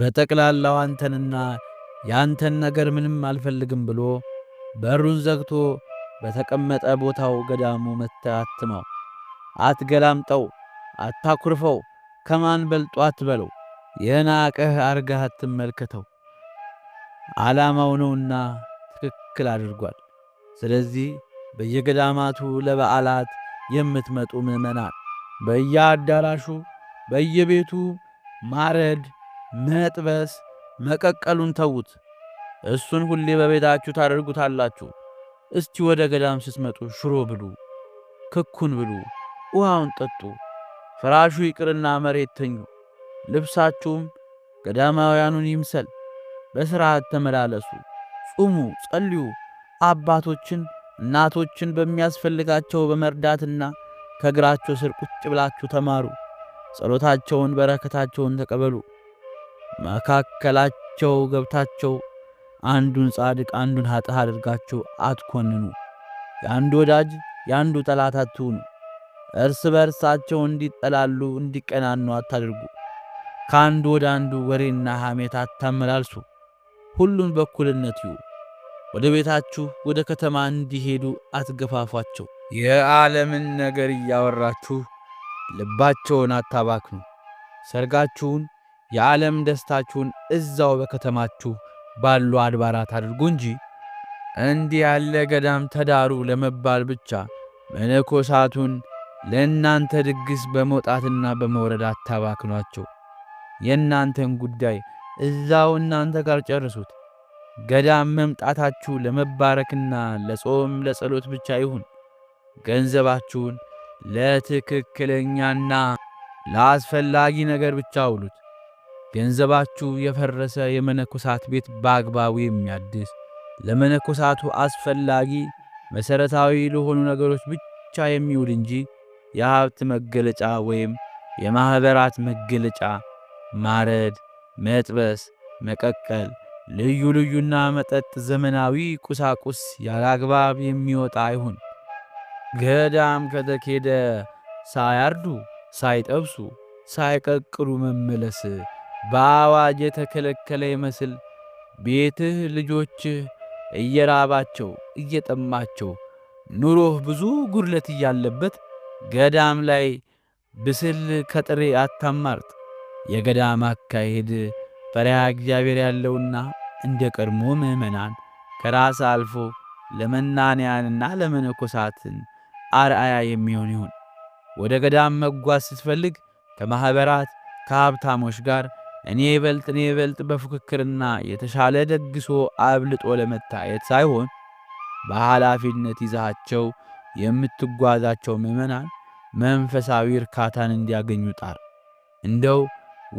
በጠቅላላው አንተንና የአንተን ነገር ምንም አልፈልግም ብሎ በሩን ዘግቶ በተቀመጠ ቦታው ገዳሙ መጥተህ አትመው፣ አትገላምጠው፣ አታኩርፈው፣ ከማን በልጦ አትበለው። ይህን አቅህ አርጋህ አትመልከተው። ዓላማው ነውና ትክክል አድርጓል። ስለዚህ በየገዳማቱ ለበዓላት የምትመጡ ምእመናን። በየአዳራሹ በየቤቱ ማረድ መጥበስ መቀቀሉን ተዉት። እሱን ሁሌ በቤታችሁ ታደርጉታላችሁ። እስቲ ወደ ገዳም ስትመጡ ሽሮ ብሉ፣ ክኩን ብሉ፣ ውሃውን ጠጡ። ፍራሹ ይቅርና መሬት ተኙ። ልብሳችሁም ገዳማውያኑን ይምሰል። በሥርዓት ተመላለሱ፣ ጹሙ፣ ጸልዩ። አባቶችን እናቶችን በሚያስፈልጋቸው በመርዳትና ከእግራቸው ስር ቁጭ ብላችሁ ተማሩ። ጸሎታቸውን በረከታቸውን ተቀበሉ። መካከላቸው ገብታቸው አንዱን ጻድቅ አንዱን ኃጥእ አድርጋችሁ አትኮንኑ። የአንዱ ወዳጅ የአንዱ ጠላት አትሁኑ። እርስ በርሳቸው እንዲጠላሉ እንዲቀናኑ አታድርጉ። ከአንዱ ወደ አንዱ ወሬና ሐሜት አታመላልሱ። ሁሉን በኩልነት ይሁ ወደ ቤታችሁ ወደ ከተማ እንዲሄዱ አትገፋፏቸው። የዓለምን ነገር እያወራችሁ ልባቸውን አታባክኑ። ሰርጋችሁን የዓለም ደስታችሁን እዛው በከተማችሁ ባሉ አድባራት አድርጉ እንጂ እንዲህ ያለ ገዳም ተዳሩ ለመባል ብቻ መነኮሳቱን ለእናንተ ድግስ በመውጣትና በመውረድ አታባክኗቸው። የእናንተን ጉዳይ እዛው እናንተ ጋር ጨርሱት። ገዳም መምጣታችሁ ለመባረክና ለጾም ለጸሎት ብቻ ይሁን። ገንዘባችሁን ለትክክለኛና ለአስፈላጊ ነገር ብቻ አውሉት። ገንዘባችሁ የፈረሰ የመነኮሳት ቤት በአግባቡ የሚያድስ ለመነኮሳቱ አስፈላጊ መሠረታዊ ለሆኑ ነገሮች ብቻ የሚውል እንጂ የሀብት መገለጫ ወይም የማኅበራት መገለጫ ማረድ፣ መጥበስ፣ መቀቀል፣ ልዩ ልዩና መጠጥ ዘመናዊ ቁሳቁስ ያለ አግባብ የሚወጣ አይሁን። ገዳም ከተኬደ ሳያርዱ ሳይጠብሱ ሳይቀቅሉ መመለስ በአዋጅ የተከለከለ ይመስል ቤትህ ልጆችህ እየራባቸው እየጠማቸው ኑሮህ ብዙ ጉድለት እያለበት ገዳም ላይ ብስል ከጥሬ አታማርጥ። የገዳም አካሄድ ፈሪሃ እግዚአብሔር ያለውና እንደ ቀድሞ ምዕመናን ከራስ አልፎ ለመናንያንና ለመነኮሳትን አርአያ የሚሆን ይሁን። ወደ ገዳም መጓዝ ስትፈልግ ከማኅበራት ከሀብታሞች ጋር እኔ ይበልጥ እኔ ይበልጥ በፉክክርና የተሻለ ደግሶ አብልጦ ለመታየት ሳይሆን በኃላፊነት ይዛቸው የምትጓዛቸው ምዕመናን መንፈሳዊ እርካታን እንዲያገኙ ጣር። እንደው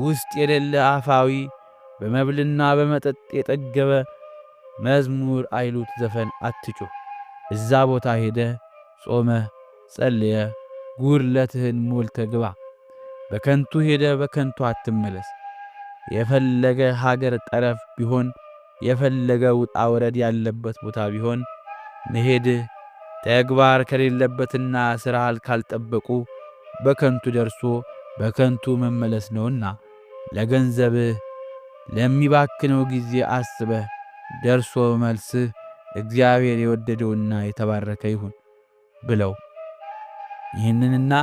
ውስጥ የሌለ አፋዊ በመብልና በመጠጥ የጠገበ መዝሙር አይሉት ዘፈን አትጩ። እዛ ቦታ ሄደ ጾመ ጸልየ ጉድለትህን ሞልተ ግባ። በከንቱ ሄደ በከንቱ አትመለስ። የፈለገ ሀገር ጠረፍ ቢሆን የፈለገ ውጣ ውረድ ያለበት ቦታ ቢሆን መሄድ ተግባር ከሌለበትና ሥራ ካልጠበቁ በከንቱ ደርሶ በከንቱ መመለስ ነውና ለገንዘብህ ለሚባክነው ጊዜ አስበህ ደርሶ መልስህ እግዚአብሔር የወደደውና የተባረከ ይሁን ብለው ይህንንና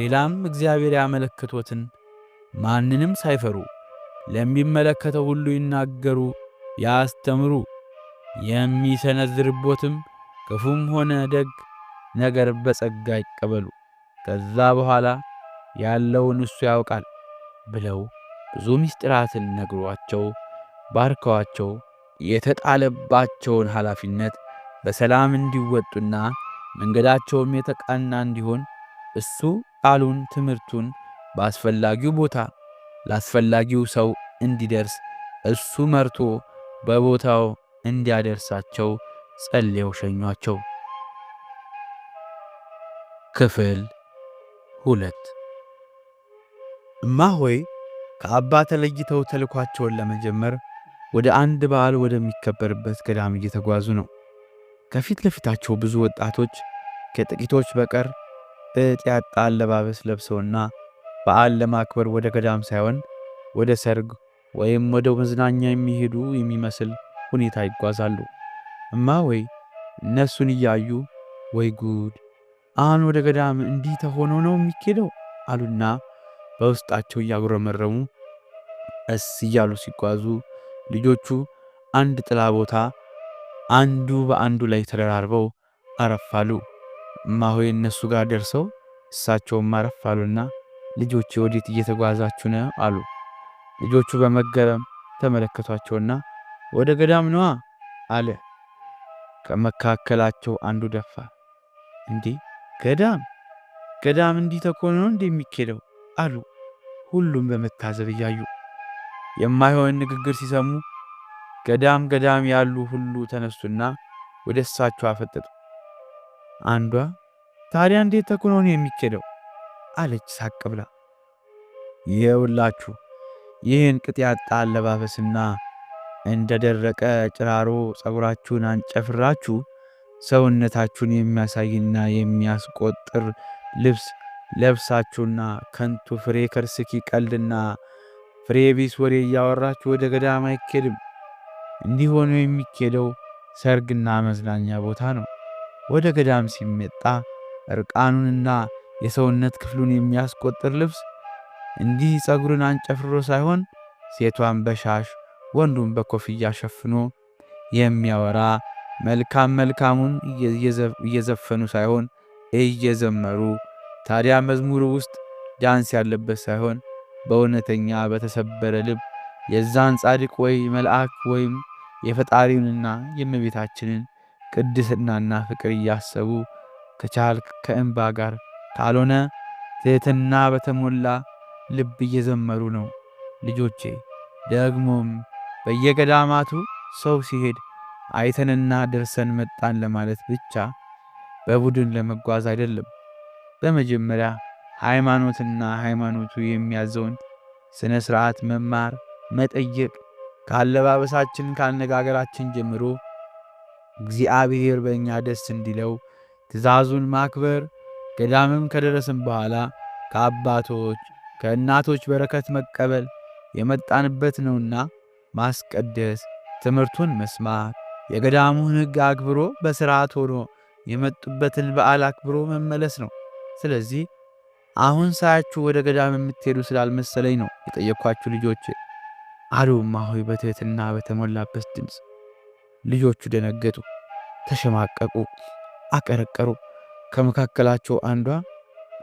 ሌላም እግዚአብሔር ያመለክቶትን ማንንም ሳይፈሩ ለሚመለከተው ሁሉ ይናገሩ፣ ያስተምሩ። የሚሰነዝርቦትም ክፉም ሆነ ደግ ነገር በጸጋ ይቀበሉ፣ ከዛ በኋላ ያለውን እሱ ያውቃል ብለው ብዙ ምስጢራትን ነግሯቸው ባርከዋቸው የተጣለባቸውን ኃላፊነት በሰላም እንዲወጡና መንገዳቸውም የተቃና እንዲሆን እሱ ቃሉን ትምህርቱን በአስፈላጊው ቦታ ላስፈላጊው ሰው እንዲደርስ እሱ መርቶ በቦታው እንዲያደርሳቸው ጸልየው ሸኟቸው። ክፍል ሁለት እማሆይ ከአባ ተለይተው ተልኳቸውን ለመጀመር ወደ አንድ በዓል ወደሚከበርበት ገዳም እየተጓዙ ነው። ከፊት ለፊታቸው ብዙ ወጣቶች ከጥቂቶች በቀር እጥ ያጣ አለባበስ ለብሰውና በዓል ለማክበር ወደ ገዳም ሳይሆን ወደ ሰርግ ወይም ወደ መዝናኛ የሚሄዱ የሚመስል ሁኔታ ይጓዛሉ። እማ ወይ እነሱን እያዩ ወይ ጉድ አሁን ወደ ገዳም እንዲህ ተሆኖ ነው የሚኬደው አሉና በውስጣቸው እያጉረመረሙ እስ እያሉ ሲጓዙ ልጆቹ አንድ ጥላ ቦታ አንዱ በአንዱ ላይ ተደራርበው አረፋሉ። እማሆይ እነሱ ጋር ደርሰው እሳቸውም አረፋሉና ልጆቼ ወዴት እየተጓዛችሁ ነው? አሉ። ልጆቹ በመገረም ተመለከቷቸውና ወደ ገዳም ነዋ አለ። ከመካከላቸው አንዱ ደፋ። እንዴ ገዳም ገዳም እንዲህ ተኮኖ እንደሚኬደው አሉ። ሁሉም በመታዘብ እያዩ የማይሆን ንግግር ሲሰሙ ገዳም ገዳም ያሉ ሁሉ ተነሱና ወደ እሳቸው አፈጠጡ። አንዷ ታዲያ እንዴት ተኩኖ ነው የሚኬደው አለች ሳቅ ብላ። ይኸውላችሁ ይህን ቅጥ ያጣ አለባበስና እንደ ደረቀ ጭራሮ ጸጉራችሁን አንጨፍራችሁ ሰውነታችሁን የሚያሳይና የሚያስቆጥር ልብስ ለብሳችሁና ከንቱ ፍሬ ከርስኪ ቀልድና ፍሬ ቢስ ወሬ እያወራችሁ ወደ ገዳም አይኬድም። እንዲሆኑ የሚኬደው ሰርግና መዝናኛ ቦታ ነው። ወደ ገዳም ሲመጣ እርቃኑንና የሰውነት ክፍሉን የሚያስቆጥር ልብስ እንዲህ ጸጉርን አንጨፍሮ ሳይሆን ሴቷን በሻሽ ወንዱን በኮፍያ ሸፍኖ የሚያወራ መልካም መልካሙን እየዘፈኑ ሳይሆን እየዘመሩ ታዲያ መዝሙሩ ውስጥ ዳንስ ያለበት ሳይሆን በእውነተኛ በተሰበረ ልብ የዛን ጻድቅ ወይ መልአክ ወይም የፈጣሪውንና የእመቤታችንን ቅድስናና ፍቅር እያሰቡ ከቻልክ ከእንባ ጋር ካልሆነ ትሕትና በተሞላ ልብ እየዘመሩ ነው ልጆቼ። ደግሞም በየገዳማቱ ሰው ሲሄድ አይተንና ደርሰን መጣን ለማለት ብቻ በቡድን ለመጓዝ አይደለም። በመጀመሪያ ሃይማኖትና ሃይማኖቱ የሚያዘውን ስነ ስርዓት መማር፣ መጠየቅ ካለባበሳችን ካነጋገራችን ጀምሮ እግዚአብሔር በእኛ ደስ እንዲለው ትእዛዙን ማክበር ገዳምም ከደረስን በኋላ ከአባቶች ከእናቶች በረከት መቀበል የመጣንበት ነውና ማስቀደስ፣ ትምህርቱን መስማት፣ የገዳሙን ሕግ አክብሮ በስርዓት ሆኖ የመጡበትን በዓል አክብሮ መመለስ ነው። ስለዚህ አሁን ሳያችሁ ወደ ገዳም የምትሄዱ ስላልመሰለኝ ነው የጠየኳችሁ ልጆች አሉ እማሆይ በተሞላበት ድምፅ። ልጆቹ ደነገጡ፣ ተሸማቀቁ፣ አቀረቀሩ። ከመካከላቸው አንዷ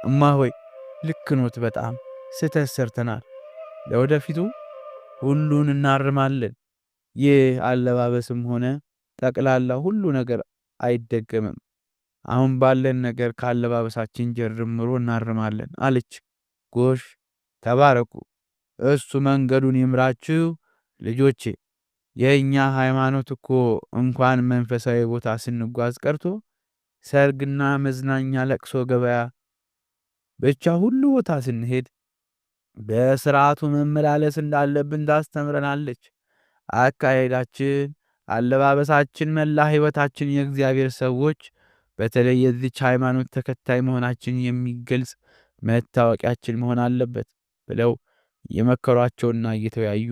እማ ሆይ ልክ ኖት፣ በጣም ስህተት ሰርተናል። ለወደፊቱ ሁሉን እናርማለን። ይህ አለባበስም ሆነ ጠቅላላ ሁሉ ነገር አይደገምም። አሁን ባለን ነገር ከአለባበሳችን ጀምሮ እናርማለን አለች። ጎሽ ተባረኩ፣ እሱ መንገዱን ይምራችሁ ልጆቼ። የእኛ ሃይማኖት እኮ እንኳን መንፈሳዊ ቦታ ስንጓዝ ቀርቶ ሰርግና መዝናኛ፣ ለቅሶ፣ ገበያ ብቻ ሁሉ ቦታ ስንሄድ በስርዓቱ መመላለስ እንዳለብን ታስተምረናለች። አካሄዳችን፣ አለባበሳችን፣ መላ ሕይወታችን የእግዚአብሔር ሰዎች በተለይ የዚች ሃይማኖት ተከታይ መሆናችን የሚገልጽ መታወቂያችን መሆን አለበት ብለው የመከሯቸውና እየተወያዩ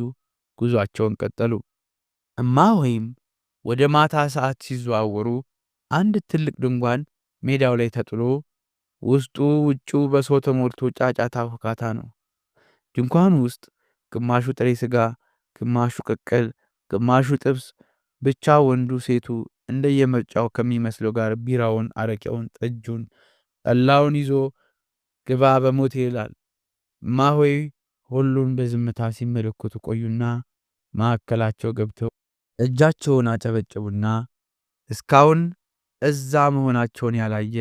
ጉዟቸውን ቀጠሉ። እማ ወይም ወደ ማታ ሰዓት ሲዘዋወሩ አንድ ትልቅ ድንኳን ሜዳው ላይ ተጥሎ ውስጡ ውጪው በሰው ተሞልቶ ጫጫታ፣ ሁካታ ነው። ድንኳኑ ውስጥ ግማሹ ጥሬ ስጋ፣ ግማሹ ቅቅል፣ ግማሹ ጥብስ፣ ብቻ ወንዱ ሴቱ እንደየምርጫው ከሚመስለው ጋር ቢራውን፣ አረቄውን፣ ጠጁን፣ ጠላውን ይዞ ግባ በሞት ይላል። ማሆይ ሁሉን በዝምታ ሲመለከቱ ቆዩና ማዕከላቸው ገብተው እጃቸውን አጨበጭቡና እስካሁን እዛ መሆናቸውን ያላየ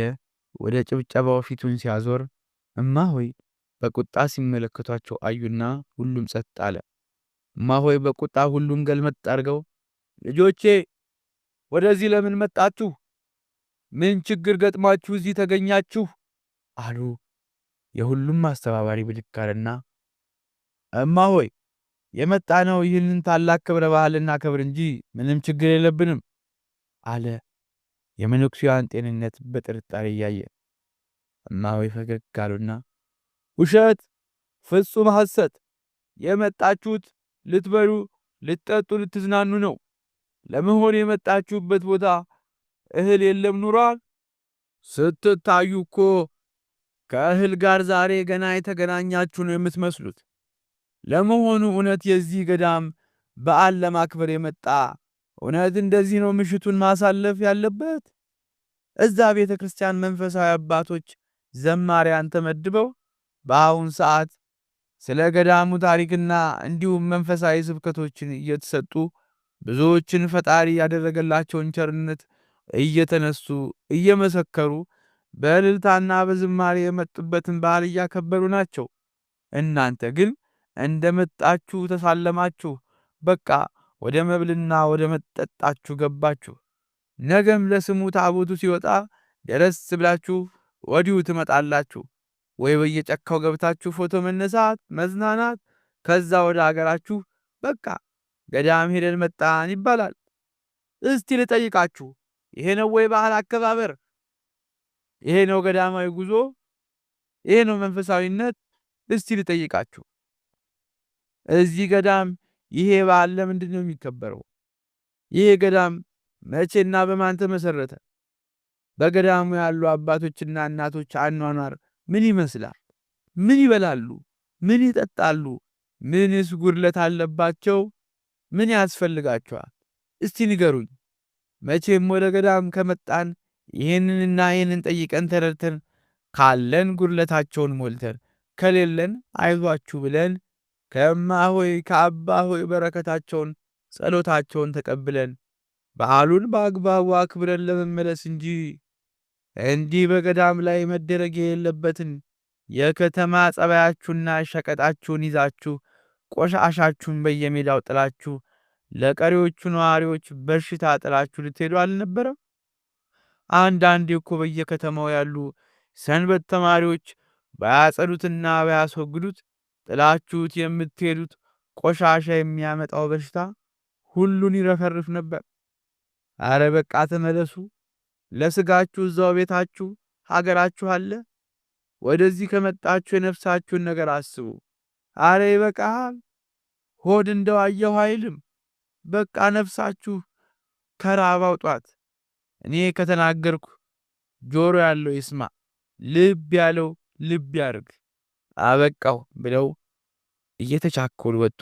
ወደ ጭብጨባው ፊቱን ሲያዞር እማሆይ በቁጣ ሲመለከቷቸው አዩና ሁሉም ጸጥ አለ። እማሆይ በቁጣ ሁሉም ገልመጥ አድርገው ልጆቼ ወደዚህ ለምን መጣችሁ? ምን ችግር ገጥማችሁ እዚህ ተገኛችሁ? አሉ። የሁሉም አስተባባሪ ብድግ አለና እማሆይ የመጣ ነው ይህንን ታላቅ ክብረ በዓል እናከብር እንጂ ምንም ችግር የለብንም አለ። የመነኩሴዋን ጤንነት በጥርጣሬ እያየ እማዊ ፈገግ አሉና ውሸት፣ ፍጹም ሐሰት! የመጣችሁት ልትበሉ፣ ልትጠጡ፣ ልትዝናኑ ነው። ለመሆን የመጣችሁበት ቦታ እህል የለም ኑሯል። ስትታዩ እኮ ከእህል ጋር ዛሬ ገና የተገናኛችሁ ነው የምትመስሉት። ለመሆኑ እውነት የዚህ ገዳም በዓል ለማክበር የመጣ እውነት እንደዚህ ነው ምሽቱን ማሳለፍ ያለበት? እዛ ቤተ ክርስቲያን መንፈሳዊ አባቶች ዘማሪያን ተመድበው በአሁን ሰዓት ስለ ገዳሙ ታሪክና እንዲሁም መንፈሳዊ ስብከቶችን እየተሰጡ ብዙዎችን ፈጣሪ ያደረገላቸውን ቸርነት እየተነሱ እየመሰከሩ በእልልታና በዝማሬ የመጡበትን ባህል እያከበሩ ናቸው። እናንተ ግን እንደመጣችሁ ተሳለማችሁ፣ በቃ ወደ መብልና ወደ መጠጣችሁ ገባችሁ። ነገም ለስሙ ታቦቱ ሲወጣ ደረስ ብላችሁ ወዲሁ ትመጣላችሁ። ወይ በየጫካው ገብታችሁ ፎቶ መነሳት፣ መዝናናት፣ ከዛ ወደ አገራችሁ በቃ ገዳም ሄደን መጣን ይባላል። እስቲ ልጠይቃችሁ፣ ይሄ ነው ወይ ባህል አከባበር? ይሄ ነው ገዳማዊ ጉዞ? ይሄ ነው መንፈሳዊነት? እስቲ ልጠይቃችሁ እዚህ ገዳም ይሄ በዓል ለምንድን ነው የሚከበረው? ይህ ገዳም መቼና በማን ተመሰረተ? በገዳሙ ያሉ አባቶችና እናቶች አኗኗር ምን ይመስላል? ምን ይበላሉ? ምን ይጠጣሉ? ምንስ ጉድለት አለባቸው? ምን ያስፈልጋቸዋል? እስቲ ንገሩኝ። መቼም ወደ ገዳም ከመጣን ይህንንና ይህንን ጠይቀን ተረድተን ካለን ጉድለታቸውን ሞልተን ከሌለን አይዟችሁ ብለን ከእማ ሆይ ከአባ ሆይ በረከታቸውን ጸሎታቸውን ተቀብለን በዓሉን በአግባቡ አክብረን ለመመለስ እንጂ እንዲህ በገዳም ላይ መደረግ የሌለበትን የከተማ ጸባያችሁና ሸቀጣችሁን ይዛችሁ ቆሻሻችሁን በየሜዳው ጥላችሁ ለቀሪዎቹ ነዋሪዎች በሽታ ጥላችሁ ልትሄዱ አልነበረም? አንዳንዴ እኮ በየከተማው ያሉ ሰንበት ተማሪዎች ባያጸዱትና ባያስወግዱት ጥላችሁት የምትሄዱት ቆሻሻ የሚያመጣው በሽታ ሁሉን ይረፈርፍ ነበር። አረ በቃ ተመለሱ። ለስጋችሁ እዛው ቤታችሁ ሀገራችሁ አለ። ወደዚህ ከመጣችሁ የነፍሳችሁን ነገር አስቡ። አረ በቃ ሆድ እንደው አየሁ አይልም። በቃ ነፍሳችሁ ከራብ አውጧት። እኔ ከተናገርኩ ጆሮ ያለው ይስማ፣ ልብ ያለው ልብ ያርግ። አበቃው ብለው እየተቻኮሉ ወጡ።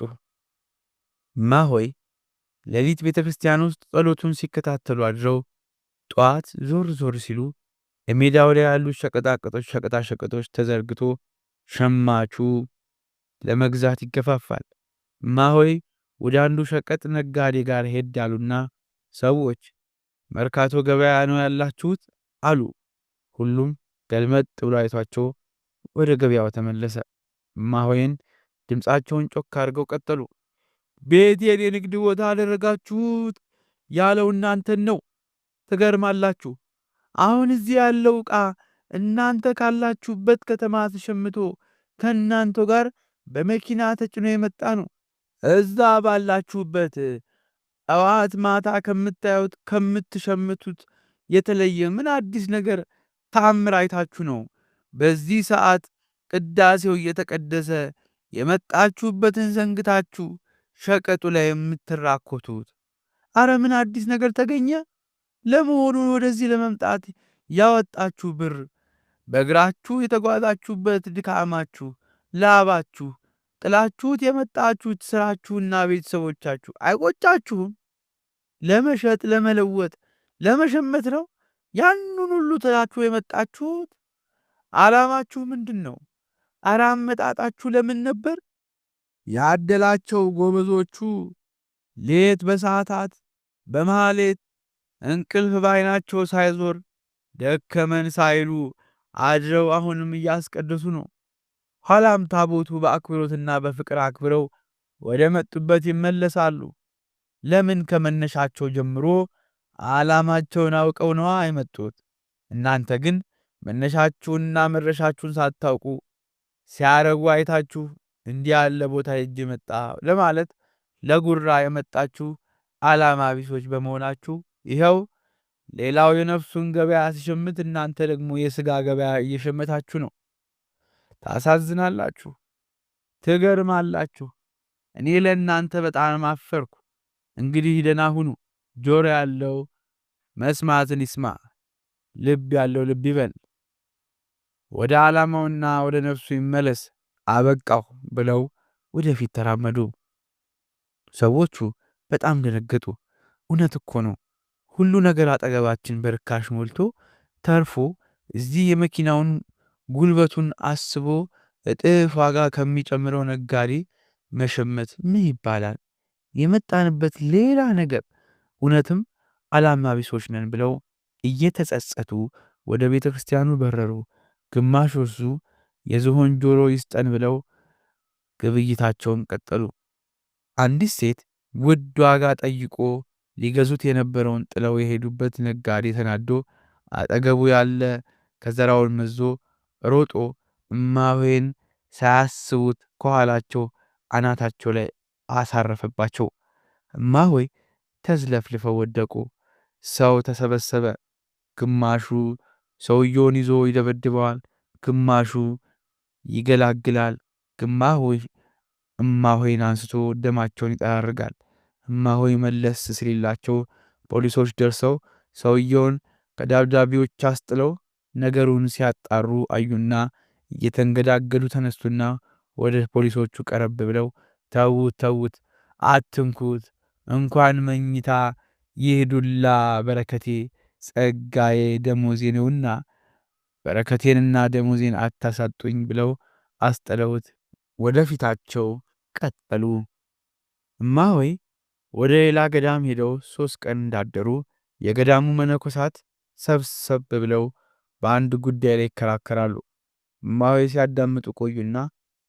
ማሆይ ሌሊት ቤተ ክርስቲያን ውስጥ ጸሎቱን ሲከታተሉ አድረው ጠዋት ዞር ዞር ሲሉ የሜዳው ላይ ያሉ ሸቀጣቀጦች ሸቀጣሸቀጦች ተዘርግቶ ሸማቹ ለመግዛት ይገፋፋል። ማሆይ ወደ አንዱ ሸቀጥ ነጋዴ ጋር ሄድ አሉና ሰዎች መርካቶ ገበያ ነው ያላችሁት አሉ። ሁሉም ገልመጥ ብሎ አይቷቸው ወደ ገበያው ተመለሰ። ማሆይን ድምፃቸውን ጮክ አድርገው ቀጠሉ። ቤቴን የንግድ ቦታ አደረጋችሁት ያለው እናንተን ነው። ትገርማላችሁ። አሁን እዚህ ያለው ዕቃ እናንተ ካላችሁበት ከተማ ተሸምቶ ከእናንተ ጋር በመኪና ተጭኖ የመጣ ነው። እዛ ባላችሁበት ጠዋት ማታ ከምታዩት ከምትሸምቱት የተለየ ምን አዲስ ነገር ታምር አይታችሁ ነው በዚህ ሰዓት ቅዳሴው እየተቀደሰ የመጣችሁበትን ዘንግታችሁ ሸቀጡ ላይ የምትራኮቱት፣ አረ ምን አዲስ ነገር ተገኘ? ለመሆኑ ወደዚህ ለመምጣት ያወጣችሁ ብር፣ በእግራችሁ የተጓዛችሁበት ድካማችሁ፣ ላባችሁ፣ ጥላችሁት የመጣችሁት ስራችሁና ቤተሰቦቻችሁ አይቆጫችሁም? ለመሸጥ ለመለወጥ፣ ለመሸመት ነው ያንን ሁሉ ትላችሁ የመጣችሁት? ዓላማችሁ ምንድን ነው? አመጣጣችሁ ለምን ነበር? ያደላቸው ጎበዞቹ ሌት በሰዓታት በማሌት እንቅልፍ ባይናቸው ሳይዞር ደከመን ሳይሉ አድረው አሁንም እያስቀደሱ ነው። ኋላም ታቦቱ በአክብሮትና በፍቅር አክብረው ወደ መጡበት ይመለሳሉ። ለምን? ከመነሻቸው ጀምሮ ዓላማቸውን አውቀው ነዋ አይመጡት? እናንተ ግን መነሻችሁንና መድረሻችሁን ሳታውቁ ሲያረጉ አይታችሁ እንዲህ ያለ ቦታ እጅ መጣ ለማለት ለጉራ የመጣችሁ ዓላማ ቢሶች በመሆናችሁ ይኸው ሌላው የነፍሱን ገበያ ሲሸምት እናንተ ደግሞ የሥጋ ገበያ እየሸመታችሁ ነው። ታሳዝናላችሁ፣ ትገርማላችሁ። እኔ ለእናንተ በጣም አፈርኩ። እንግዲህ ደና ሁኑ። ጆሮ ያለው መስማትን ይስማ፣ ልብ ያለው ልብ ይበል። ወደ ዓላማውና ወደ ነፍሱ ይመለስ አበቃሁ ብለው ወደፊት ተራመዱ። ሰዎቹ በጣም ደነገጡ። እውነት እኮ ነው። ሁሉ ነገር አጠገባችን በርካሽ ሞልቶ ተርፎ እዚህ የመኪናውን ጉልበቱን አስቦ እጥፍ ዋጋ ከሚጨምረው ነጋዴ መሸመት ምን ይባላል? የመጣንበት ሌላ ነገር። እውነትም ዓላማ ቢሶች ነን ብለው እየተጸጸቱ ወደ ቤተ ክርስቲያኑ በረሩ። ግማሾቹ የዝሆን ጆሮ ይስጠን ብለው ግብይታቸውን ቀጠሉ። አንዲት ሴት ውድ ዋጋ ጠይቆ ሊገዙት የነበረውን ጥለው የሄዱበት ነጋዴ ተናዶ አጠገቡ ያለ ከዘራውን መዞ ሮጦ እማቤን ሳያስቡት ከኋላቸው አናታቸው ላይ አሳረፈባቸው። እማሆይ ተዝለፍልፈው ወደቁ። ሰው ተሰበሰበ። ግማሹ ሰውየውን ይዞ ይደበድበዋል። ግማሹ ይገላግላል። ግማሆይ እማሆይን አንስቶ ደማቸውን ይጠራርጋል። እማሆይ መለስ ስሊላቸው ፖሊሶች ደርሰው ሰውየውን ከደብዳቤዎች አስጥለው ነገሩን ሲያጣሩ አዩና እየተንገዳገዱ ተነስቱና ወደ ፖሊሶቹ ቀረብ ብለው ተዉት፣ ተዉት፣ አትንኩት እንኳን መኝታ ይህ ዱላ በረከቴ ጸጋዬ ደሞዜ ነውና በረከቴንና ደሞዜን አታሳጡኝ ብለው ወደ ወደፊታቸው ቀጠሉ። እማሆይ ወደ ሌላ ገዳም ሄደው ሦስት ቀን እንዳደሩ የገዳሙ መነኮሳት ሰብሰብ ብለው በአንድ ጉዳይ ላይ ይከራከራሉ። እማሆይ ሲያዳምጡ ቆዩና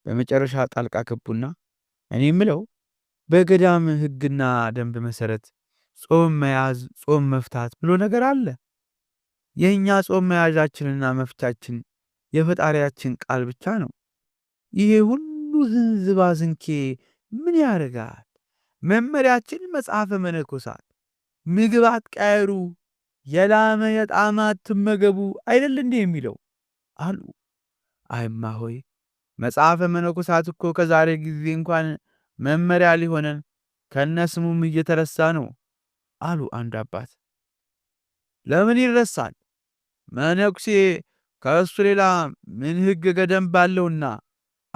በመጨረሻ ጣልቃ ገቡና እኔ ምለው በገዳም ሕግና ደንብ መሠረት ጾም መያዝ፣ ጾም መፍታት ብሎ ነገር አለ። የእኛ ጾም መያዣችንና መፍቻችን የፈጣሪያችን ቃል ብቻ ነው። ይሄ ሁሉ ዝንዝባ ዝንኬ ምን ያደርጋል? መመሪያችን መጽሐፈ መነኮሳት ምግብ አትቃየሩ፣ የላመ የጣመ አትመገቡ አይደል እንዲህ የሚለው አሉ። አይማ ሆይ መጽሐፈ መነኮሳት እኮ ከዛሬ ጊዜ እንኳን መመሪያ ሊሆነን ከነስሙም እየተረሳ ነው። አሉ አንድ አባት። ለምን ይረሳል? መነኩሴ ከእሱ ሌላ ምን ሕግ ገደም ባለውና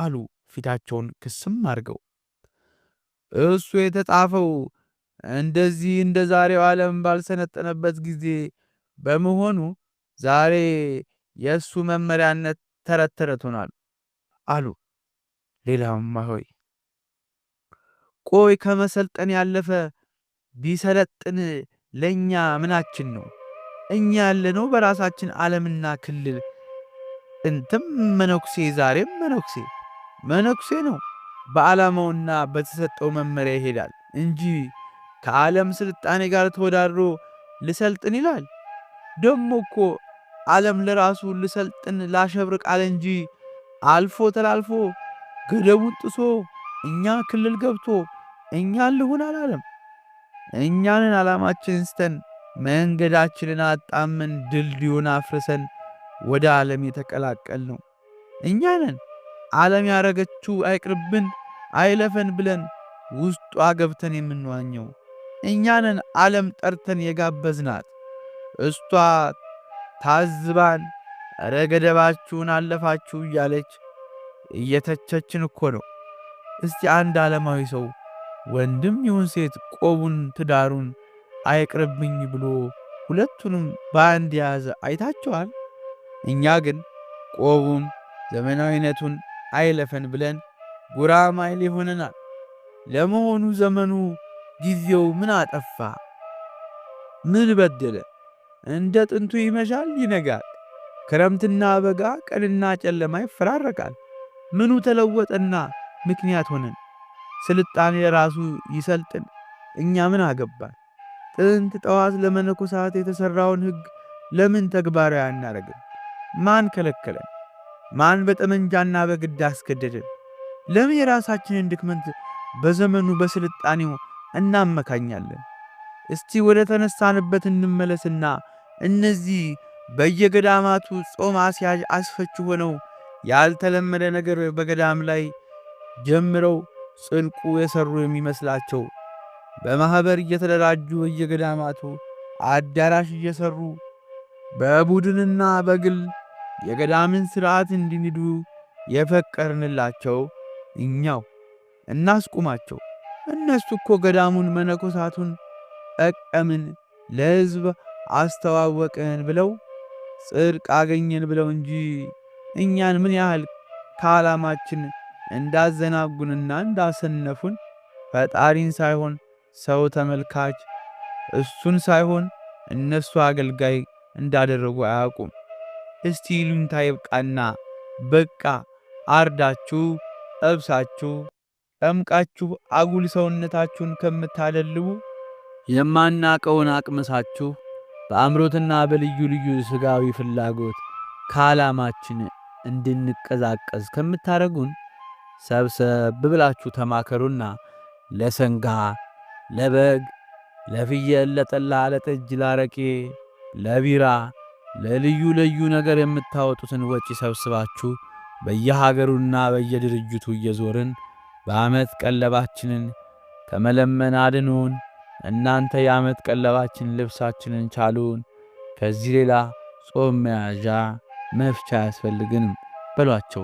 አሉ ፊታቸውን ክስም አድርገው። እሱ የተጻፈው እንደዚህ እንደ ዛሬው ዓለም ባልሰነጠነበት ጊዜ በመሆኑ ዛሬ የእሱ መመሪያነት ተረት ተረት ሆኗል አሉ። ሌላማ ማሆይ ቆይ ከመሰልጠን ያለፈ ቢሰለጥን ለእኛ ምናችን ነው? እኛ ያለነው በራሳችን ዓለምና ክልል። ጥንትም መነኩሴ ዛሬም መነኩሴ መነኩሴ ነው። በዓላማውና በተሰጠው መመሪያ ይሄዳል እንጂ ከዓለም ስልጣኔ ጋር ተወዳድሮ ልሰልጥን ይላል። ደሞ እኮ ዓለም ለራሱ ልሰልጥን ላሸብርቅ አለ እንጂ አልፎ ተላልፎ ገደቡን ጥሶ እኛ ክልል ገብቶ እኛ ልሁን አላለም። እኛንን ዓላማችን ስተን መንገዳችንን አጣምን ድልድዩን አፍርሰን ወደ ዓለም የተቀላቀል ነው። እኛንን ዓለም ያረገችው አይቅርብን አይለፈን ብለን ውስጧ ገብተን የምንዋኘው እኛንን ዓለም ጠርተን የጋበዝናት እሷ ታዝባን ረገደባችሁን አለፋችሁ እያለች እየተቸችን እኮ ነው። እስቲ አንድ ዓለማዊ ሰው ወንድም ይሁን ሴት ቆቡን ትዳሩን አይቅርብኝ ብሎ ሁለቱንም በአንድ የያዘ አይታቸዋል። እኛ ግን ቆቡን ዘመናዊነቱን አይለፈን ብለን ጉራማይል ይሆነናል። ለመሆኑ ዘመኑ ጊዜው ምን አጠፋ? ምን በደለ? እንደ ጥንቱ ይመሻል ይነጋል። ክረምትና በጋ፣ ቀንና ጨለማ ይፈራረቃል። ምኑ ተለወጠና ምክንያት ሆነን ስልጣኔ ራሱ ይሰልጥን፣ እኛ ምን አገባን? ጥንት ጠዋት ለመነኮሳት የተሠራውን ሕግ ለምን ተግባራዊ አናረግም? ማን ከለከለን? ማን በጠመንጃና በግድ አስገደደን? ለምን የራሳችንን ድክመት በዘመኑ በስልጣኔው እናመካኛለን? እስቲ ወደ ተነሳንበት እንመለስና እነዚህ በየገዳማቱ ጾም አስያዥ አስፈች ሆነው ያልተለመደ ነገር በገዳም ላይ ጀምረው ጽንቁ የሰሩ የሚመስላቸው በማኅበር እየተደራጁ በየገዳማቱ አዳራሽ እየሰሩ በቡድንና በግል የገዳምን ሥርዓት እንዲንዱ የፈቀርንላቸው እኛው እናስቁማቸው። እነሱ እኮ ገዳሙን መነኮሳቱን ጠቀምን፣ ለሕዝብ አስተዋወቅን ብለው ጽድቅ አገኘን ብለው እንጂ እኛን ምን ያህል ከዓላማችን እንዳዘናጉንና እንዳሰነፉን ፈጣሪን ሳይሆን ሰው ተመልካች፣ እሱን ሳይሆን እነሱ አገልጋይ እንዳደረጉ አያውቁም። እስቲ ይሉኝታ ይብቃና በቃ አርዳችሁ ጠብሳችሁ ጠምቃችሁ አጉል ሰውነታችሁን ከምታደልቡ የማናቀውን አቅምሳችሁ በአምሮትና በልዩ ልዩ ስጋዊ ፍላጎት ከዓላማችን እንድንቀዛቀዝ ከምታደረጉን ሰብሰብ ብላችሁ ተማከሩና ለሰንጋ፣ ለበግ፣ ለፍየል፣ ለጠላ፣ ለጠጅ፣ ላረቄ፣ ለቢራ፣ ለልዩ ልዩ ነገር የምታወጡትን ወጪ ሰብስባችሁ በየሀገሩና በየድርጅቱ እየዞርን በዓመት ቀለባችንን ከመለመን አድኑን። እናንተ የዓመት ቀለባችን ልብሳችንን ቻሉን። ከዚህ ሌላ ጾም መያዣ መፍቻ አያስፈልግንም በሏቸው።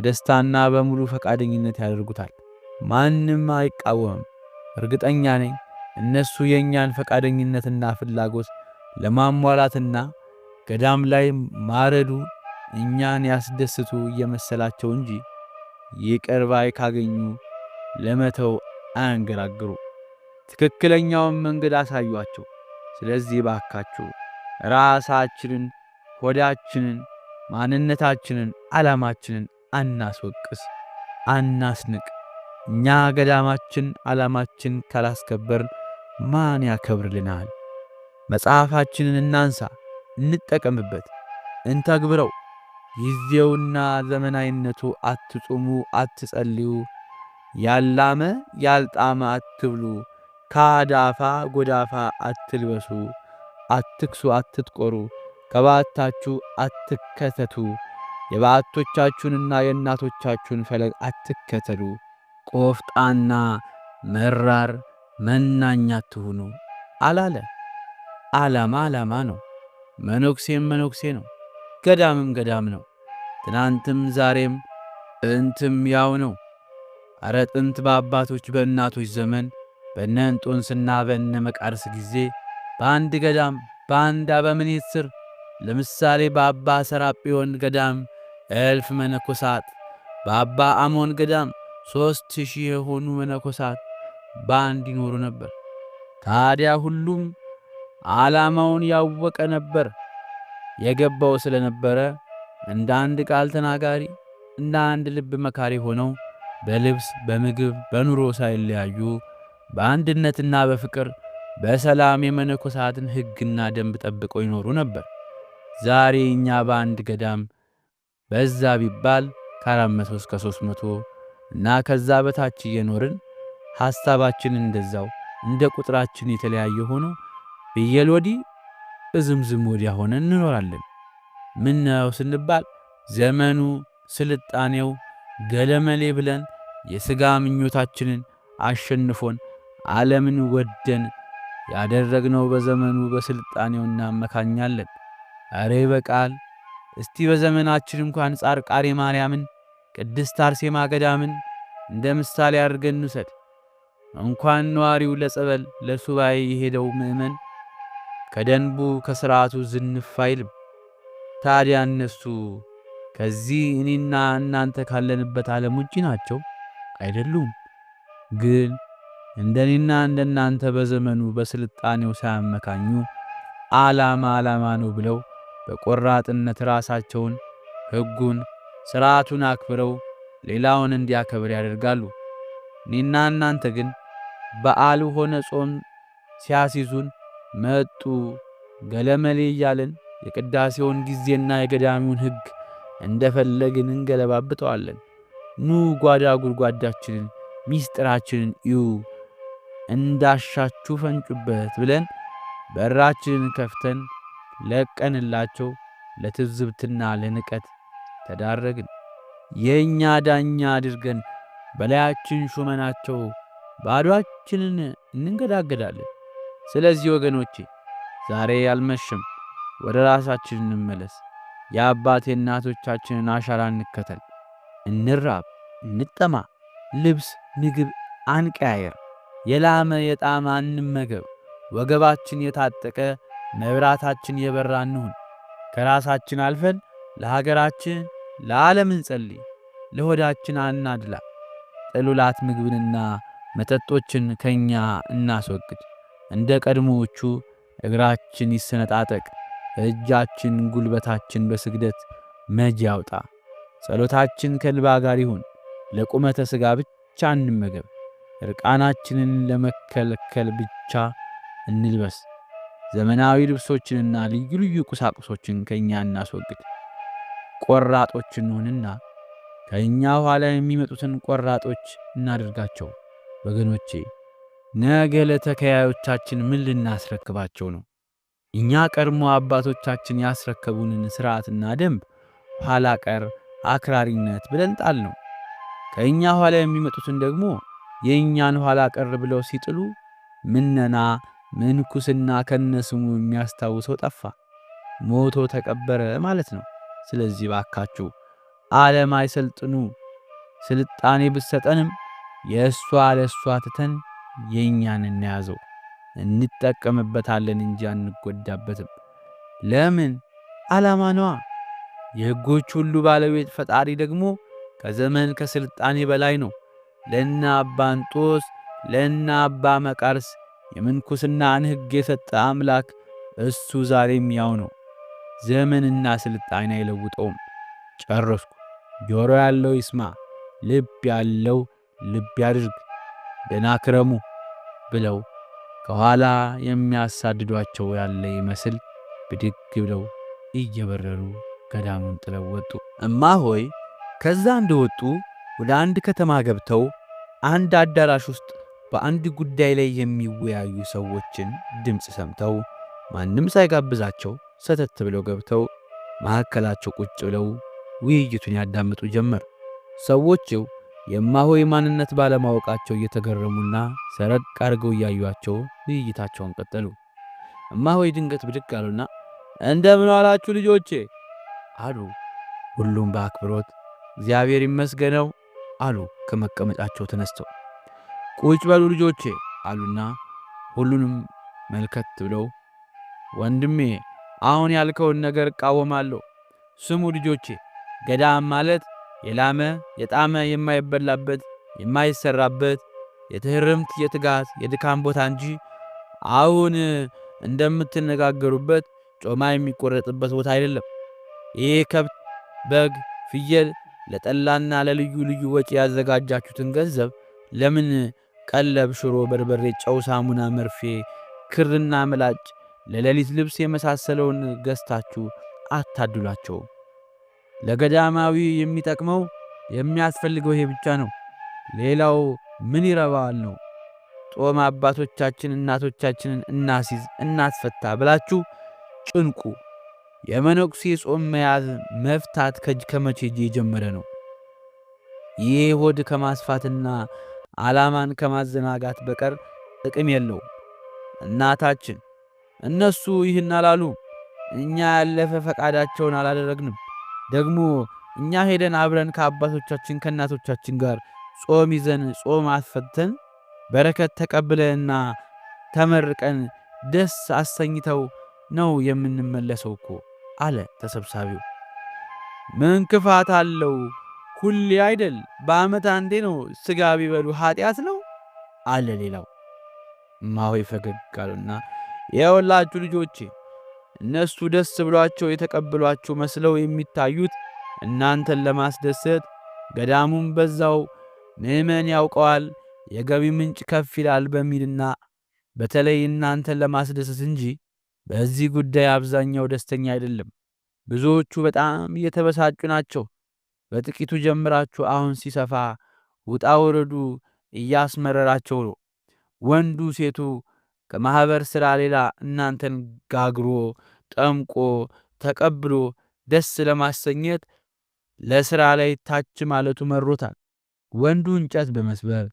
በደስታና በሙሉ ፈቃደኝነት ያደርጉታል። ማንም አይቃወምም። እርግጠኛ ነኝ እነሱ የእኛን ፈቃደኝነትና ፍላጎት ለማሟላትና ገዳም ላይ ማረዱ እኛን ያስደስቱ እየመሰላቸው እንጂ ይቅር ባይ ካገኙ ለመተው አያንገራግሩ። ትክክለኛውን መንገድ አሳዩአቸው። ስለዚህ ባካችሁ ራሳችንን፣ ሆዳችንን፣ ማንነታችንን፣ ዓላማችንን አናስወቅስ፣ አናስንቅ። እኛ ገዳማችን ዓላማችን ካላስከበርን ማን ያከብርልናል? መጽሐፋችንን እናንሳ፣ እንጠቀምበት፣ እንተግብረው። ጊዜውና ዘመናዊነቱ አትጹሙ፣ አትጸልዩ፣ ያላመ ያልጣመ አትብሉ፣ ከአዳፋ ጎዳፋ አትልበሱ፣ አትክሱ፣ አትጥቆሩ፣ ከባታችሁ አትከተቱ። የባቶቻችሁንና የእናቶቻችሁን ፈለግ አትከተሉ። ቆፍጣና መራር መናኛ አትሁኑ አላለ። ዓላማ ዓላማ ነው። መነኩሴም መነኩሴ ነው። ገዳምም ገዳም ነው። ትናንትም ዛሬም ጥንትም ያው ነው። አረ ጥንት በአባቶች በእናቶች ዘመን በነ እንጦንስና በነ መቃርስ ጊዜ በአንድ ገዳም በአንድ አበምኔት ስር ለምሳሌ በአባ ሰራጵዮን ገዳም እልፍ መነኮሳት በአባ አሞን ገዳም ሦስት ሺህ የሆኑ መነኮሳት በአንድ ይኖሩ ነበር። ታዲያ ሁሉም ዓላማውን ያወቀ ነበር። የገባው ስለነበረ እንደ አንድ ቃል ተናጋሪ፣ እንደ አንድ ልብ መካሪ ሆነው በልብስ በምግብ በኑሮ ሳይለያዩ በአንድነትና በፍቅር በሰላም የመነኮሳትን ሕግና ደንብ ጠብቀው ይኖሩ ነበር። ዛሬ እኛ በአንድ ገዳም በዛ ቢባል ከ መቶ እስከ መቶ እና ከዛ በታች እየኖርን ሐሳባችን እንደዛው እንደ ቁጥራችን የተለያየ ሆኖ ብየል ወዲህ በዝምዝም ወዲያ ሆነ እንኖራለን። ምናየው ስንባል ዘመኑ ስልጣኔው ገለመሌ ብለን የሥጋ ምኞታችንን አሸንፎን ዓለምን ወደን ያደረግነው በዘመኑ በስልጣኔው እናመካኛለን። እሬ በቃል እስቲ በዘመናችን እንኳን ጻር ቃሬ ማርያምን፣ ቅድስት አርሴማ ገዳምን እንደ ምሳሌ አድርገን እንውሰድ። እንኳን ነዋሪው ለጸበል ለሱባኤ የሄደው ምእመን ከደንቡ ከሥርዓቱ ዝንፍ አይልም። ታዲያ እነሱ ከዚህ እኔና እናንተ ካለንበት ዓለም ውጪ ናቸው አይደሉም። ግን እንደ እኔና እንደ እናንተ በዘመኑ በስልጣኔው ሳያመካኙ ዓላማ ዓላማ ነው ብለው በቆራጥነት ራሳቸውን ሕጉን፣ ሥርዓቱን አክብረው ሌላውን እንዲያከብር ያደርጋሉ። እኔና እናንተ ግን በዓሉ ሆነ ጾም ሲያስይዙን መጡ ገለመሌ እያልን የቅዳሴውን ጊዜና የገዳሚውን ሕግ እንደፈለግን እንገለባብጠዋለን። ኑ ጓዳ ጉድጓዳችንን ሚስጢራችንን እዩ እንዳሻችሁ ፈንጩበት ብለን በራችንን ከፍተን ለቀንላቸው ለትዝብትና ለንቀት ተዳረግን። የእኛ ዳኛ አድርገን በላያችን ሹመናቸው ባዶአችንን እንንገዳገዳለን። ስለዚህ ወገኖቼ ዛሬ አልመሸም፣ ወደ ራሳችን እንመለስ። የአባቴ እናቶቻችንን አሻራ እንከተል። እንራብ፣ እንጠማ፣ ልብስ ምግብ አንቀያየር። የላመ የጣማ እንመገብ። ወገባችን የታጠቀ መብራታችን የበራ እንሁን። ከራሳችን አልፈን ለሀገራችን፣ ለዓለም እንጸልይ። ለሆዳችን አናድላ። ጥሉላት ምግብንና መጠጦችን ከእኛ እናስወግድ። እንደ ቀድሞዎቹ እግራችን ይሰነጣጠቅ፣ እጃችን ጉልበታችን በስግደት መጅ ያውጣ። ጸሎታችን ከልባ ጋር ይሁን። ለቁመተ ሥጋ ብቻ እንመገብ። ርቃናችንን ለመከልከል ብቻ እንልበስ። ዘመናዊ ልብሶችንና ልዩ ልዩ ቁሳቁሶችን ከእኛ እናስወግድ፣ ቆራጦች እንሁንና ከእኛ ኋላ የሚመጡትን ቆራጦች እናደርጋቸው። ወገኖቼ ነገ ለተከያዮቻችን ምን ልናስረክባቸው ነው? እኛ ቀድሞ አባቶቻችን ያስረከቡንን ሥርዓትና ደንብ ኋላ ቀር አክራሪነት ብለን ጣል ነው። ከእኛ ኋላ የሚመጡትን ደግሞ የእኛን ኋላ ቀር ብለው ሲጥሉ ምነና ምንኩስና ከነስሙ የሚያስታውሰው ጠፋ፣ ሞቶ ተቀበረ ማለት ነው። ስለዚህ ባካችሁ ዓለም አይሰልጥኑ። ስልጣኔ ብሰጠንም የእሷ ለእሷ ትተን የእኛን እናያዘው። እንጠቀምበታለን እንጂ አንጎዳበትም። ለምን? ዓላማ ነዋ። የሕጎች ሁሉ ባለቤት ፈጣሪ ደግሞ ከዘመን ከስልጣኔ በላይ ነው። ለእነ አባ እንጦስ ለእነ አባ መቃርስ የምንኩስናን ሕግ የሰጠ አምላክ እሱ ዛሬም ያው ነው። ዘመንና ስልጣኔ አይለውጠውም። ጨረስኩ። ጆሮ ያለው ይስማ፣ ልብ ያለው ልብ ያድርግ። ደና ክረሙ ብለው ከኋላ የሚያሳድዷቸው ያለ ይመስል ብድግ ብለው እየበረሩ ገዳሙን ጥለው ወጡ። እማ ሆይ ከዛ እንደወጡ ወደ አንድ ከተማ ገብተው አንድ አዳራሽ ውስጥ በአንድ ጉዳይ ላይ የሚወያዩ ሰዎችን ድምፅ ሰምተው ማንም ሳይጋብዛቸው ሰተት ብለው ገብተው መካከላቸው ቁጭ ብለው ውይይቱን ያዳምጡ ጀመር። ሰዎችው የማሆይ ማንነት ባለማወቃቸው እየተገረሙና ሰረቅ አድርገው እያዩቸው ውይይታቸውን ቀጠሉ። እማሆይ ድንገት ብድግ አሉና እንደምን አላችሁ ልጆቼ አሉ። ሁሉም በአክብሮት እግዚአብሔር ይመስገነው አሉ ከመቀመጫቸው ተነስተው ቁጭ በሉ ልጆቼ አሉና ሁሉንም መልከት ብለው ወንድሜ አሁን ያልከውን ነገር እቃወማለሁ። ስሙ ልጆቼ፣ ገዳም ማለት የላመ የጣመ የማይበላበት የማይሰራበት የትህርምት የትጋት የድካም ቦታ እንጂ አሁን እንደምትነጋገሩበት ጮማ የሚቆረጥበት ቦታ አይደለም። ይህ ከብት፣ በግ፣ ፍየል ለጠላና ለልዩ ልዩ ወጪ ያዘጋጃችሁትን ገንዘብ ለምን ቀለብ፣ ሽሮ፣ በርበሬ፣ ጨው፣ ሳሙና፣ መርፌ፣ ክርና ምላጭ ለሌሊት ልብስ የመሳሰለውን ገዝታችሁ አታድሏቸው። ለገዳማዊ የሚጠቅመው የሚያስፈልገው ይሄ ብቻ ነው። ሌላው ምን ይረባዋል ነው። ጦም አባቶቻችን እናቶቻችንን እናሲዝ እናስፈታ ብላችሁ ጭንቁ። የመነኩሴ ጾም መያዝ መፍታት ከመቼ የጀመረ ነው? ይህ ሆድ ከማስፋትና ዓላማን ከማዘናጋት በቀር ጥቅም የለውም። እናታችን እነሱ ይህን አላሉ። እኛ ያለፈ ፈቃዳቸውን አላደረግንም። ደግሞ እኛ ሄደን አብረን ከአባቶቻችን ከእናቶቻችን ጋር ጾም ይዘን ጾም አስፈተን በረከት ተቀብለንና ተመርቀን ደስ አሰኝተው ነው የምንመለሰው እኮ አለ ተሰብሳቢው። ምን ክፋት አለው? ሁሌ አይደል፣ በዓመት አንዴ ነው ስጋ ቢበሉ ኃጢአት ነው አለ ሌላው። እማሆይ ፈገግ አሉና የወላችሁ ልጆቼ እነሱ ደስ ብሏቸው የተቀበሏችሁ መስለው የሚታዩት እናንተን ለማስደሰት ገዳሙን በዛው ምዕመን ያውቀዋል የገቢ ምንጭ ከፍ ይላል በሚልና በተለይ እናንተን ለማስደሰት እንጂ በዚህ ጉዳይ አብዛኛው ደስተኛ አይደለም። ብዙዎቹ በጣም እየተበሳጩ ናቸው። በጥቂቱ ጀምራችሁ አሁን ሲሰፋ ውጣ ውረዱ እያስመረራቸው ነው። ወንዱ ሴቱ ከማኅበር ሥራ ሌላ እናንተን ጋግሮ ጠምቆ ተቀብሎ ደስ ለማሰኘት ለሥራ ላይ ታች ማለቱ መሮታል። ወንዱ እንጨት በመስበር